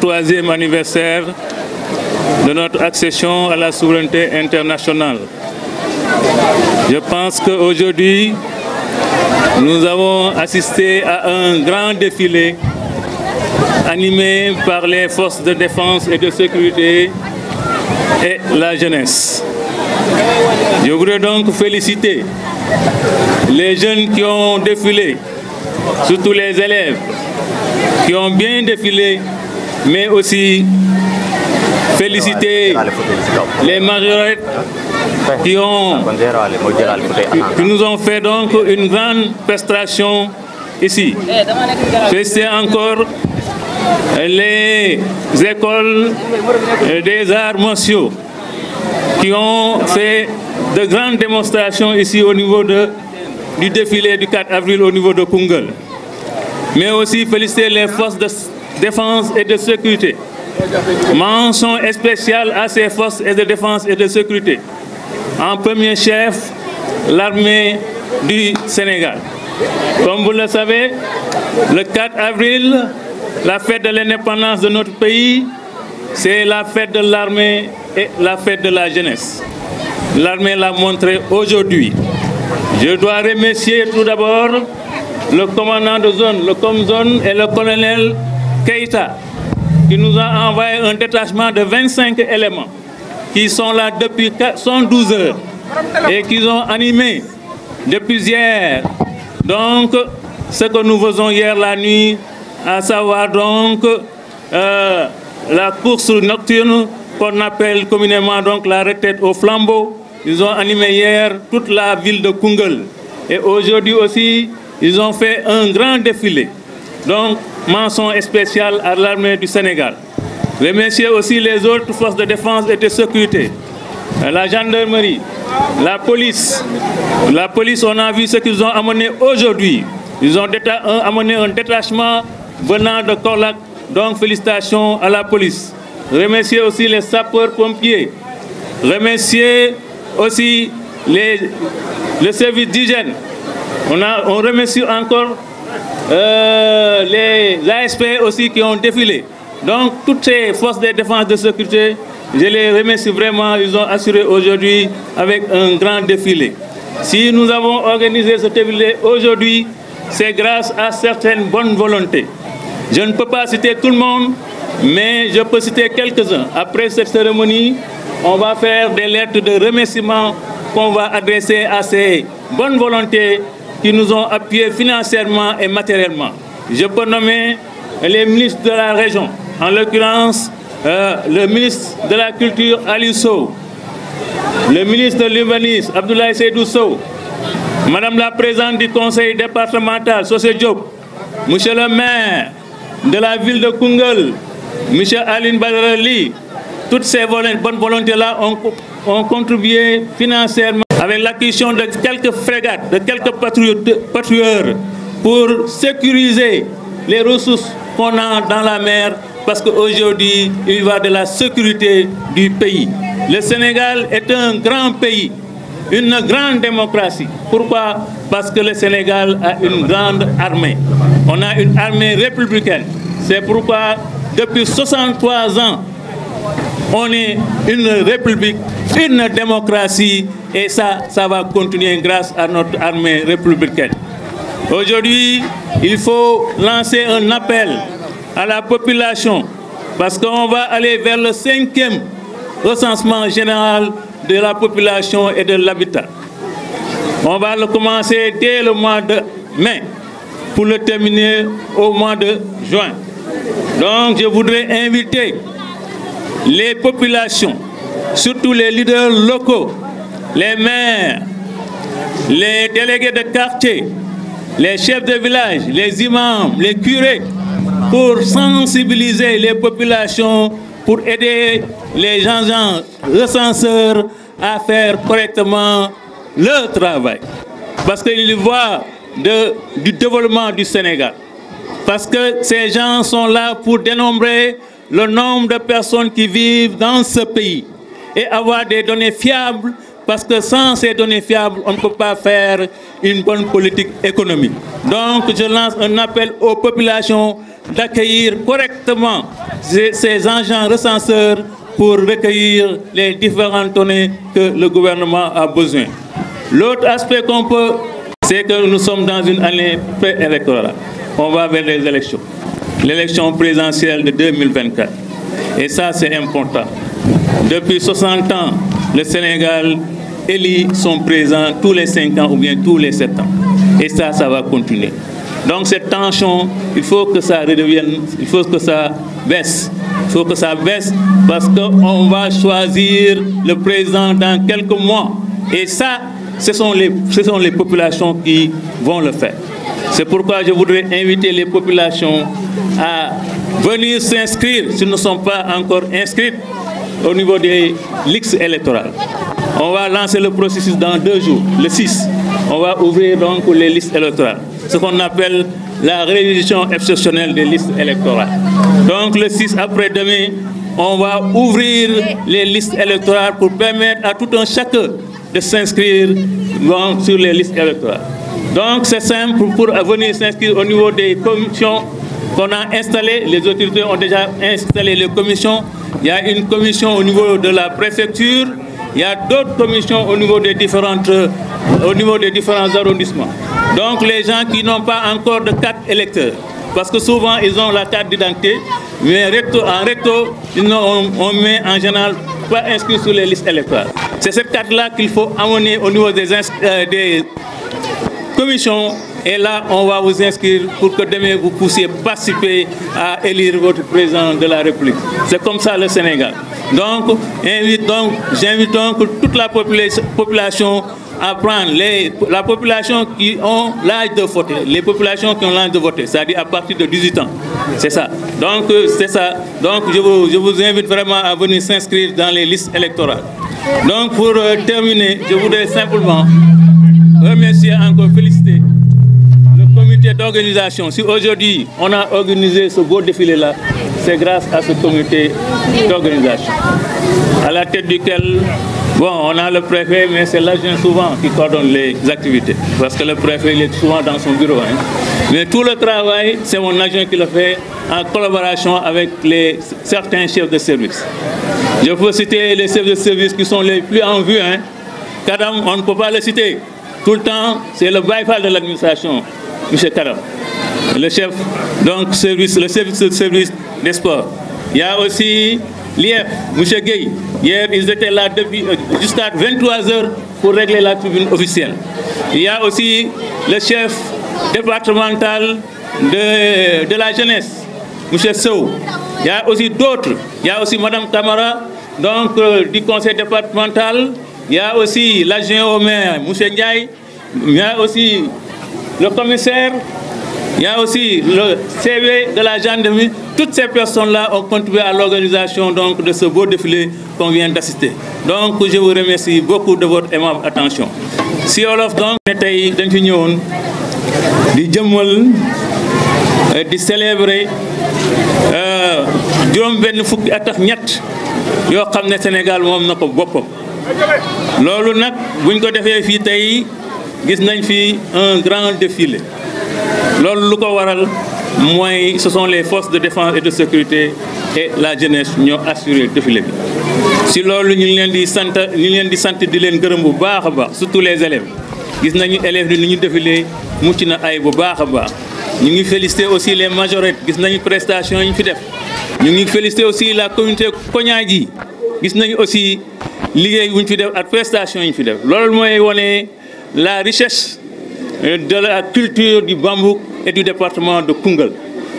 Troisième anniversaire de notre accession à la souveraineté internationale. Je pense qu'aujourd'hui, nous avons assisté à un grand défilé animé par les forces de défense et de sécurité et la jeunesse. Je voudrais donc féliciter les jeunes qui ont défilé, surtout les élèves, qui ont bien défilé mais aussi féliciter les majorettes qui, ont, qui nous ont fait donc une grande prestation ici. Féliciter eh, encore les écoles des arts martiaux qui ont fait de grandes démonstrations ici au niveau de, du défilé du 4 avril au niveau de Kungal. Mais aussi féliciter les forces de défense et de sécurité. Mention spéciale à ces forces de défense et de sécurité. En premier chef, l'armée du Sénégal. Comme vous le savez, le 4 avril, la fête de l'indépendance de notre pays, c'est la fête de l'armée et la fête de la jeunesse. L'armée l'a montré aujourd'hui. Je dois remercier tout d'abord le commandant de zone, le COMZONE et le colonel Keïta, qui nous a envoyé un détachement de 25 éléments qui sont là depuis 112 heures et qui ont animé depuis hier. Donc, ce que nous faisons hier la nuit, à savoir donc euh, la course nocturne qu'on appelle communément donc la retraite au flambeau. Ils ont animé hier toute la ville de Kungel. Et aujourd'hui aussi, ils ont fait un grand défilé. Donc, mention spéciale à l'armée du Sénégal. Remercier aussi les autres forces de défense et de sécurité, la gendarmerie, la police. La police, on a vu ce qu'ils ont amené aujourd'hui. Ils ont euh, amené un détachement venant de Corlac, donc félicitations à la police. Remercier aussi les sapeurs-pompiers. Remercier aussi les, le service d'hygiène. On, on remercie encore euh, les ASP aussi qui ont défilé. Donc toutes ces forces de défense de sécurité, je les remercie vraiment, ils ont assuré aujourd'hui avec un grand défilé. Si nous avons organisé ce défilé aujourd'hui, c'est grâce à certaines bonnes volontés. Je ne peux pas citer tout le monde, mais je peux citer quelques-uns. Après cette cérémonie, on va faire des lettres de remerciement qu'on va adresser à ces bonnes volontés qui nous ont appuyés financièrement et matériellement. Je peux nommer les ministres de la région, en l'occurrence euh, le ministre de la Culture Ali Sow, le ministre de l'Urbanisme Abdoulaye Seydou Sow, Madame la présidente du conseil départemental Sosé Diop, Monsieur le maire de la ville de Kungel, Monsieur Aline Badrali, toutes ces bonnes volontés-là ont contribué financièrement avec l'acquisition de quelques frégates, de quelques patrouilleurs pour sécuriser les ressources qu'on a dans la mer parce qu'aujourd'hui, il va de la sécurité du pays. Le Sénégal est un grand pays, une grande démocratie. Pourquoi Parce que le Sénégal a une grande armée. On a une armée républicaine. C'est pourquoi, depuis 63 ans, on est une république une démocratie et ça, ça va continuer grâce à notre armée républicaine. Aujourd'hui, il faut lancer un appel à la population parce qu'on va aller vers le cinquième recensement général de la population et de l'habitat. On va le commencer dès le mois de mai pour le terminer au mois de juin. Donc je voudrais inviter les populations surtout les leaders locaux, les maires, les délégués de quartier, les chefs de village, les imams, les curés, pour sensibiliser les populations, pour aider les gens, recenseurs à faire correctement leur travail. Parce qu'ils voient de, du développement du Sénégal. Parce que ces gens sont là pour dénombrer le nombre de personnes qui vivent dans ce pays et avoir des données fiables, parce que sans ces données fiables, on ne peut pas faire une bonne politique économique. Donc je lance un appel aux populations d'accueillir correctement ces engins recenseurs pour recueillir les différentes données que le gouvernement a besoin. L'autre aspect qu'on peut, c'est que nous sommes dans une année préélectorale. On va vers les élections. L'élection présidentielle de 2024. Et ça, c'est important. Depuis 60 ans, le Sénégal élit son président tous les 5 ans ou bien tous les 7 ans. Et ça, ça va continuer. Donc cette tension, il faut que ça redevienne, il faut que ça baisse. Il faut que ça baisse parce qu'on va choisir le président dans quelques mois. Et ça, ce sont les, ce sont les populations qui vont le faire. C'est pourquoi je voudrais inviter les populations à venir s'inscrire s'ils ne sont pas encore inscrits au niveau des listes électorales. On va lancer le processus dans deux jours, le 6. On va ouvrir donc les listes électorales, ce qu'on appelle la révision exceptionnelle des listes électorales. Donc le 6 après-demain, on va ouvrir les listes électorales pour permettre à tout un chacun de s'inscrire sur les listes électorales. Donc c'est simple pour venir s'inscrire au niveau des commissions qu'on a installées. Les autorités ont déjà installé les commissions il y a une commission au niveau de la préfecture, il y a d'autres commissions au niveau des différentes, euh, au niveau des différents arrondissements. Donc les gens qui n'ont pas encore de carte électeur, parce que souvent ils ont la carte d'identité, mais en recto, on, ne met en général pas inscrit sur les listes électorales. C'est cette carte-là qu'il faut amener au niveau des, euh, des commissions et là, on va vous inscrire pour que demain vous puissiez participer à élire votre président de la République. C'est comme ça le Sénégal. Donc, j'invite donc, toute la population à prendre la population qui ont l'âge de voter, les populations qui ont l'âge de voter, c'est-à-dire à partir de 18 ans. C'est ça. Donc, euh, c'est ça. Donc, je vous, invite vraiment à venir s'inscrire dans les listes électorales. Donc, pour euh, terminer, je voudrais simplement remercier encore, féliciter d'organisation, si aujourd'hui on a organisé ce beau défilé-là, c'est grâce à ce comité d'organisation, à la tête duquel, bon, on a le préfet, mais c'est l'agent souvent qui coordonne les activités, parce que le préfet, il est souvent dans son bureau. Hein. Mais tout le travail, c'est mon agent qui le fait en collaboration avec les, certains chefs de service. Je peux citer les chefs de service qui sont les plus en vue, hein. Kadam, on ne peut pas les citer. Tout le temps, c'est le bypass de l'administration. M. Karam, le chef, donc service, le service des sports. Il y a aussi l'IEF, M. Gueye. Hier, ils étaient là euh, jusqu'à 23h pour régler la tribune officielle. Il y a aussi le chef départemental de, la jeunesse, M. Sou. Il y a aussi d'autres. Il y a aussi Mme Tamara, donc euh, du conseil départemental. Il y a aussi l'agent au M. Ndiaye. Il y a aussi le commissaire, il y a aussi le CV de la gendarmerie. Toutes ces personnes-là ont contribué à l'organisation donc, de ce beau défilé qu'on vient d'assister. Donc, je vous remercie beaucoup de votre aimable attention. Si Olof, donc, était d'Union, du Djemol, di célébrer euh, juróom benn fukki at ak ñett yoo xam Sénégal moom nako ko boppam nak, nag buñ ko defee gis nañ fi un grand défilé loolu lu ko waral mooy ce sont les forces de défense et de sécurité et la jeunesse ñoo assuré défilé bi si loolu ñu leen di sant ñu leen di sant di leen gërëm bu baax a baax surtout les élèves gis nañu élèves ni ñu défilé mucc na ay bu baax a baax ñu ngi féliciter aussi les majorettes gis nañu prestation yi ñu fi def ñu ngi féliciter aussi la communauté Kognaaji gis nañu aussi liggéey bu ñu fi def ak prestation yi ñu fi def loolu mooy wane la richesse euh, de la culture du bambou et du département de Koungheul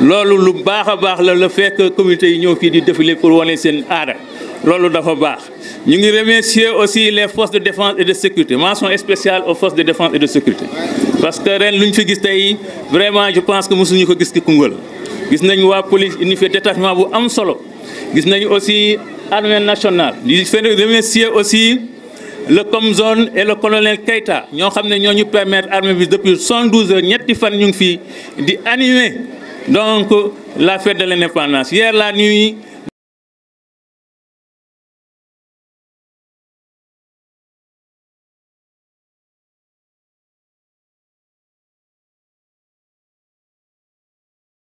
loolu lu baax le fait que communauté union fait du di défilé pour wane seen Ara. loolu dafa Nous ñu aussi les forces de défense et de sécurité mention spéciale aux forces de défense et de sécurité parce que ren n'est fi vraiment je pense que nous sommes ko gis ci Koungheul Nous avons la police unité détachement bu am solo Nous avons aussi armée nationale Nous remercier aussi le Comzone et le colonel Keita qui ont permis à ñu permettre armée depuis 112 heures ñetti fan ñu la fête de l'indépendance hier la nuit